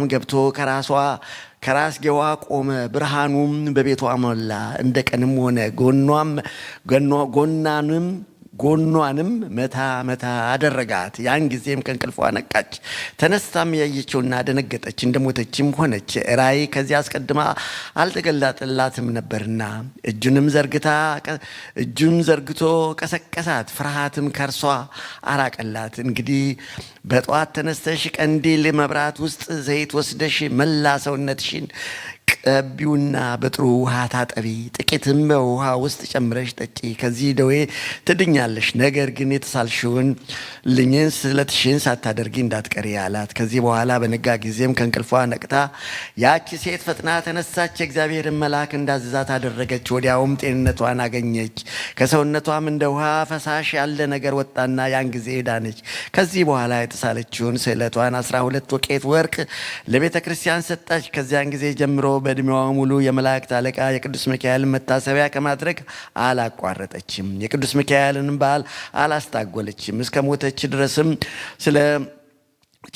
ም ገብቶ ከራሷ ከራስጌዋ ቆመ፣ ብርሃኑም በቤቷ ሞላ። እንደ ቀንም ሆነ ጎኗም ጎናንም ጎኗንም መታ መታ አደረጋት። ያን ጊዜም ከእንቅልፏ ነቃች። ተነስታም ያየችውና ደነገጠች፣ እንደሞተችም ሆነች። ራእይ ከዚያ አስቀድማ አልተገላጠላትም ነበርና እጁንም ዘርግታ እጁም ዘርግቶ ቀሰቀሳት። ፍርሃትም ከርሷ አራቀላት። እንግዲህ በጠዋት ተነስተሽ ቀንዲል መብራት ውስጥ ዘይት ወስደሽ መላ ሰውነትሽን ቀቢውና በጥሩ ውሃ ታጠቢ፣ ጥቂትም በውሃ ውስጥ ጨምረሽ ጠጪ፣ ከዚህ ደዌ ትድኛለሽ። ነገር ግን የተሳልሽውን ልኝን ስለትሽን ሳታደርጊ እንዳትቀሪ አላት። ከዚህ በኋላ በነጋ ጊዜም ከእንቅልፏ ነቅታ ያቺ ሴት ፈጥና ተነሳች፣ የእግዚአብሔርን መልአክ እንዳዘዛት አደረገች። ወዲያውም ጤንነቷን አገኘች፣ ከሰውነቷም እንደ ውሃ ፈሳሽ ያለ ነገር ወጣና ያን ጊዜ ዳነች። ከዚህ በኋላ የተሳለችውን ስዕለቷን አስራ ሁለት ወቄት ወርቅ ለቤተ ክርስቲያን ሰጣች። ከዚያን ጊዜ ጀምሮ በእድሜዋ ሙሉ የመላእክት አለቃ የቅዱስ ሚካኤልን መታሰቢያ ከማድረግ አላቋረጠችም። የቅዱስ ሚካኤልን በዓል አላስታጎለችም። እስከ ሞተች ድረስም ስለ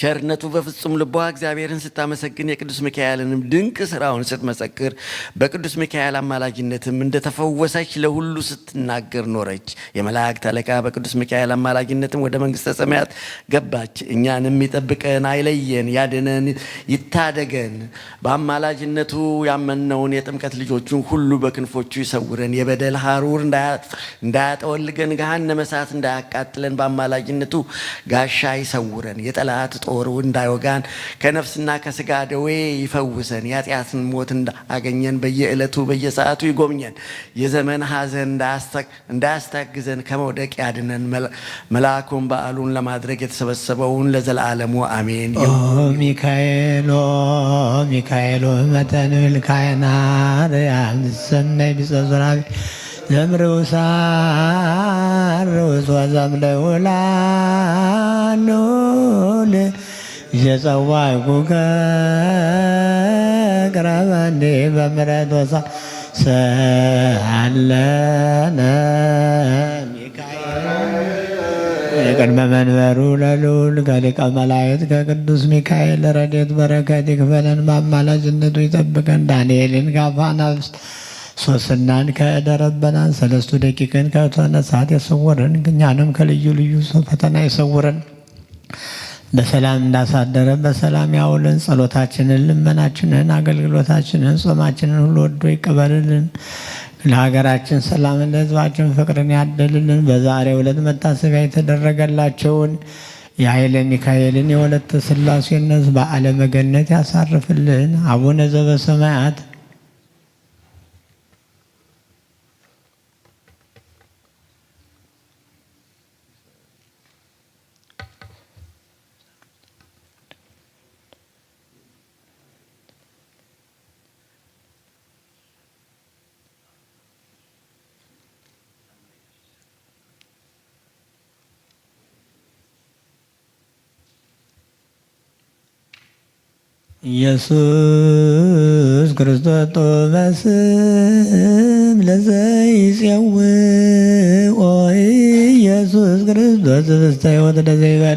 ቸርነቱ በፍጹም ልቧ እግዚአብሔርን ስታመሰግን የቅዱስ ሚካኤልንም ድንቅ ስራውን ስትመሰክር በቅዱስ ሚካኤል አማላጅነትም እንደተፈወሰች ለሁሉ ስትናገር ኖረች። የመላእክት አለቃ በቅዱስ ሚካኤል አማላጅነትም ወደ መንግስተ ሰማያት ገባች። እኛንም ይጠብቀን፣ አይለየን፣ ያድነን፣ ይታደገን። በአማላጅነቱ ያመነውን የጥምቀት ልጆቹን ሁሉ በክንፎቹ ይሰውረን። የበደል ሐሩር እንዳያጠወልገን፣ ገሃነመ እሳት እንዳያቃጥለን በአማላጅነቱ ጋሻ ይሰውረን። የጠላት የእሳት ጦሩ እንዳይወጋን ከነፍስና ከስጋ ደዌ ይፈውሰን። የኃጢአትን ሞት እንዳገኘን በየዕለቱ በየሰዓቱ ይጎብኘን። የዘመን ሐዘን እንዳያስታግዘን ከመውደቅ ያድነን። መልአኩን በዓሉን ለማድረግ የተሰበሰበውን ለዘላለሙ አሜን። ሚካኤሎ ሚካኤሎ መተንብል ካይናር ያንሰናይ ቢጸዙራቢ ዘምርውሳ አርዝ ወዛም ለውላኑል የጸዋይ በምረት ወሳ ሰአለነ የቅድመ መንበሩ ለልዑል ከሊቀ መላእክት ከቅዱስ ሚካኤል ረድኤት በረከት ይክፈለን፣ በአማላጅነቱ ይጠብቀን። ዳንኤልን ካፋን አብስት ሶስናን ከደረበናን ሰለስቱ ደቂቅን ከተነሳት የሰወረን እኛንም ከልዩ ልዩ ፈተና የሰውረን በሰላም እንዳሳደረ በሰላም ያውለን። ጸሎታችንን፣ ልመናችንን፣ አገልግሎታችንን፣ ጾማችንን ሁሉ ወዶ ይቀበልልን። ለሀገራችን ሰላምን፣ ለሕዝባችን ፍቅርን ያደልልን። በዛሬ ዕለት መታሰቢያ የተደረገላቸውን የኃይለ ሚካኤልን የወለተ ስላሴነት በዓለ መገነት ያሳርፍልን። አቡነ ዘበሰማያት ኢየሱስ ክርስቶስ በስም ለዘይጼው ኢየሱስ ክርስቶስ ፍስሐ ሕይወት